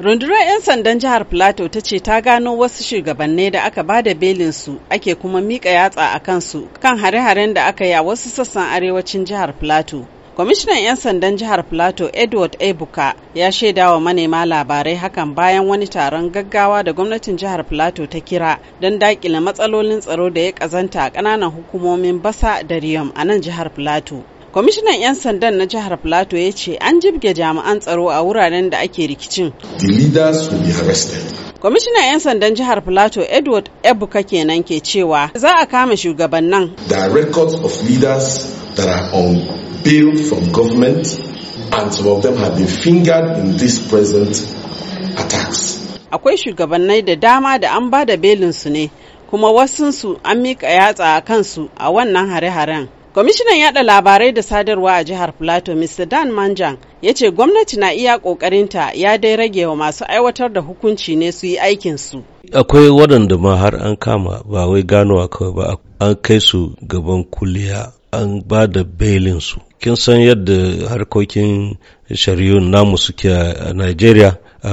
rundunar 'yan sandan jihar plateau ta ce ta gano wasu shugabanni da aka ba da belinsu ake kuma mika yatsa a kansu kan hare-haren da aka yi a wasu sassan arewacin jihar plateau kwamishinan 'yan sandan jihar plateau edward ebuka ya shaida wa manema labarai hakan bayan wani taron gaggawa da gwamnatin jihar plateau ta kira don dakile matsalolin tsaro da ya kazanta a ƙananan hukumomin basa da riyom a nan jihar plateau kwamishinan 'yan sandan na jihar plateau ya ce an jibge jami'an tsaro a wuraren da ake rikicin the kwamishinan 'yan sandan jihar plateau edward ebuka kenan ke cewa za a kama shugabannin the records of leaders that are on bail from government and some of them have been fingered in these present attacks akwai shugabannai da dama da an ba da belinsu ne kuma wasunsu an miƙa yatsa a kansu a wannan hare-haren Kwamishinan yada labarai da sadarwa a jihar Plato, Mr. Dan Manjan ya ce gwamnati na iya kokarinta ya dai rage wa masu aiwatar da hukunci ne su yi aikinsu. Akwai waɗanda ma har an kama ba wai ganowa kawai ba an kai su gaban kuliya an ba da belinsu. Kin san yadda harkokin shari'un namu suke a Najeriya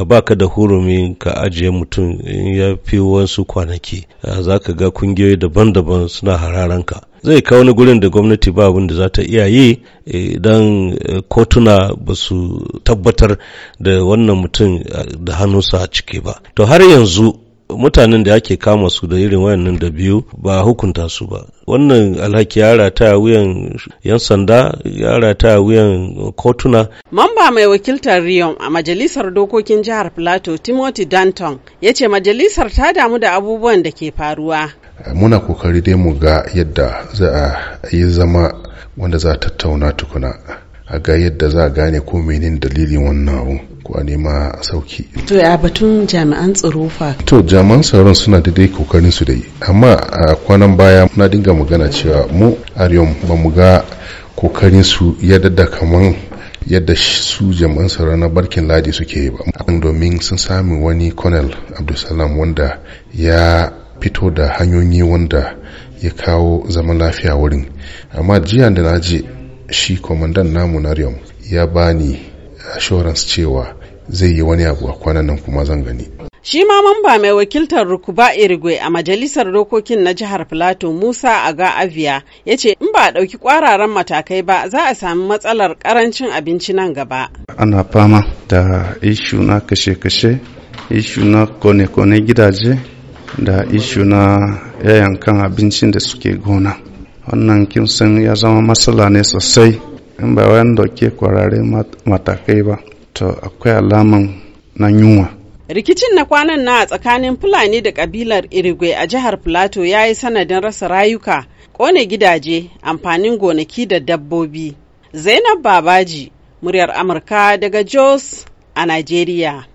ba ka da hurumi ka ajiye mutum in ya fi wasu kwanaki za ka ga kungiyoyi daban-daban suna hararanka. zai kawo wani gurin da gwamnati ba abin da za ta iya yi idan eh, eh, kotuna ba su tabbatar da wannan mutum eh, da hannunsa a ciki ba to har yanzu mutanen da ake kama su da irin wayannan da biyu ba hukunta su ba wannan alhaki ya rata wuyan yan sanda ya rata wuyan kotuna mamba mai wakiltar riyon a majalisar dokokin jihar plateau timothy danton ya ce majalisar ta damu da abubuwan da ke faruwa muna kokari dai mu ga yadda za a yi zama wanda za a tattauna tukuna a ga yadda za a gane ko menene dalilin wannan abu ko a nema sauki to ya batun jami'an tsaro fa to jami'an tsaron suna da dai kokarin su dai amma a kwanan baya muna dinga magana cewa mu arewa ba mu ga kokarin su yadda da kaman yadda su jami'an tsaro na barkin ladi suke yi ba domin sun sami wani colonel abdulsalam wanda ya fito da hanyoyi wanda ya kawo zaman lafiya wurin amma jiya da na je shi kwamandan namu na ya bani assurance cewa zai yi wani abu a kwanan nan kuma zan gani Shi ma mamba mai wakiltar Rukuba Irigwe a Majalisar Dokokin na Jihar Filato Musa Aga Aviya ya ce in ba a ɗauki ƙwararan matakai ba za a sami matsalar ƙarancin abinci nan gaba. Ana fama da ishu na kashe-kashe, ishu na kone-kone gidaje, da ishu na kan abincin da suke gona wannan kin san ya zama matsala ne sosai in ba wayan ke kwarare matakai ba to akwai alaman na yunwa rikicin na kwanan na tsakanin fulani da kabilar irigwe a jihar plateau ya yi sanadin rasa rayuka kone gidaje amfanin gonaki da dabbobi zainab babaji muryar amurka daga jos a nigeria